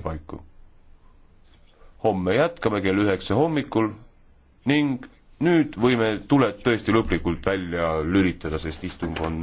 tunni paiku. homme jätkame kell üheksa hommikul ning nüüd võime tuled tõesti lõplikult välja lülitada, sest istung on